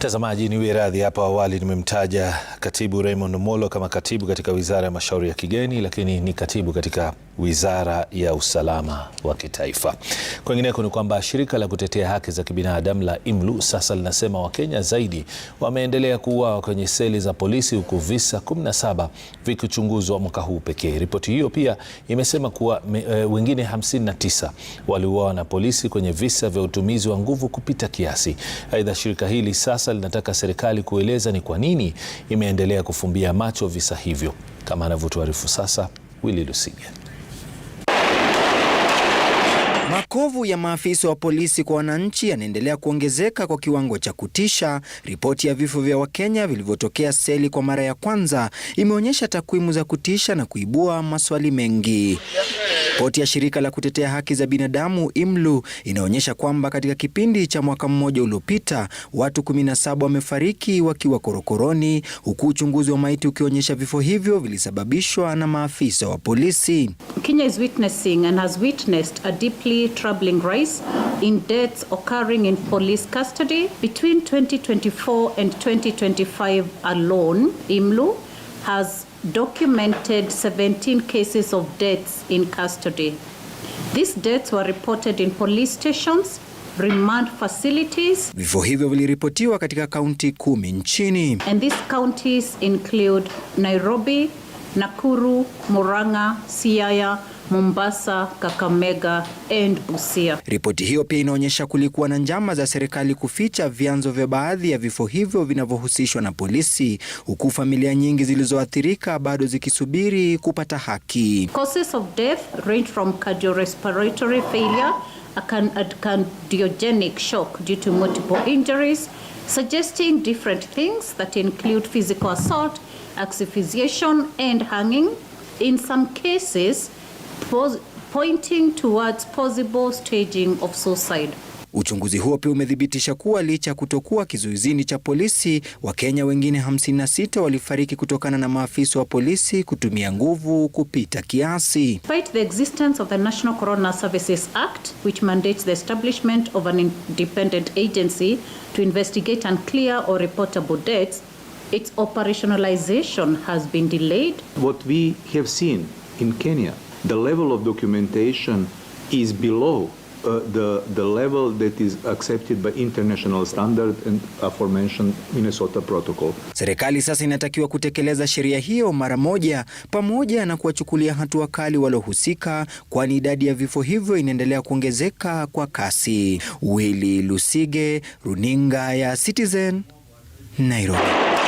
Mtazamaji, ni wiradhi Radhi. Hapo awali nimemtaja katibu Raymond Omollo kama katibu katika wizara ya mashauri ya kigeni, lakini ni katibu katika wizara ya usalama wa kitaifa. Kwingineko ni kwamba shirika la kutetea haki za kibinadamu la IMLU sasa linasema Wakenya zaidi wameendelea kuuawa kwenye seli za polisi huku visa 17 vikichunguzwa mwaka huu pekee. Ripoti hiyo pia imesema kuwa me, e, wengine 59 waliuawa na polisi kwenye visa vya utumizi wa nguvu kupita kiasi. Aidha, shirika hili sasa linataka serikali kueleza ni kwa nini ime inaendelea kufumbia macho visa hivyo, kama anavyotuarifu sasa Willy Lusiga. Makovu ya maafisa wa polisi kwa wananchi yanaendelea kuongezeka kwa kiwango cha kutisha. Ripoti ya vifo vya Wakenya vilivyotokea seli kwa mara ya kwanza imeonyesha takwimu za kutisha na kuibua maswali mengi. Ripoti ya shirika la kutetea haki za binadamu IMLU inaonyesha kwamba katika kipindi cha mwaka mmoja uliopita watu 17 wamefariki wakiwa korokoroni, huku uchunguzi wa maiti ukionyesha vifo hivyo vilisababishwa na maafisa wa polisi. Kenya is witnessing and has witnessed a deeply troubling rise in deaths occurring in police custody between 2024 and 2025 alone. IMLU has documented 17 cases of deaths in custody. These deaths were reported in police stations, remand facilities. Vifo hivyo viliripotiwa katika kaunti kumi nchini. And these counties include Nairobi, Nakuru, Murang'a, Siaya, Mombasa, Kakamega and Busia. Ripoti hiyo pia inaonyesha kulikuwa na njama za serikali kuficha vyanzo vya baadhi ya vifo hivyo vinavyohusishwa na polisi, huku familia nyingi zilizoathirika bado zikisubiri kupata haki. Causes of death range from cardiorespiratory failure a can, a cardiogenic shock due to multiple injuries suggesting different things that include physical assault, asphyxiation and hanging. In some cases pointing towards possible staging of suicide. Uchunguzi huo pia umethibitisha kuwa licha ya kutokuwa kizuizini cha polisi, Wakenya wengine 56 walifariki kutokana na maafisa wa polisi kutumia nguvu kupita kiasi. Despite the existence of the National Corona Services Act which mandates the establishment of an independent agency to investigate and clear or reportable deaths, its operationalization has been delayed. What we have seen in Kenya the level of documentation is below uh, the, the level that is accepted by international standard and aforementioned Minnesota Protocol. Serikali sasa inatakiwa kutekeleza sheria hiyo mara moja pamoja na kuwachukulia hatua kali walohusika, kwani idadi ya vifo hivyo inaendelea kuongezeka kwa kasi. Willy Lusige, Runinga ya Citizen, Nairobi.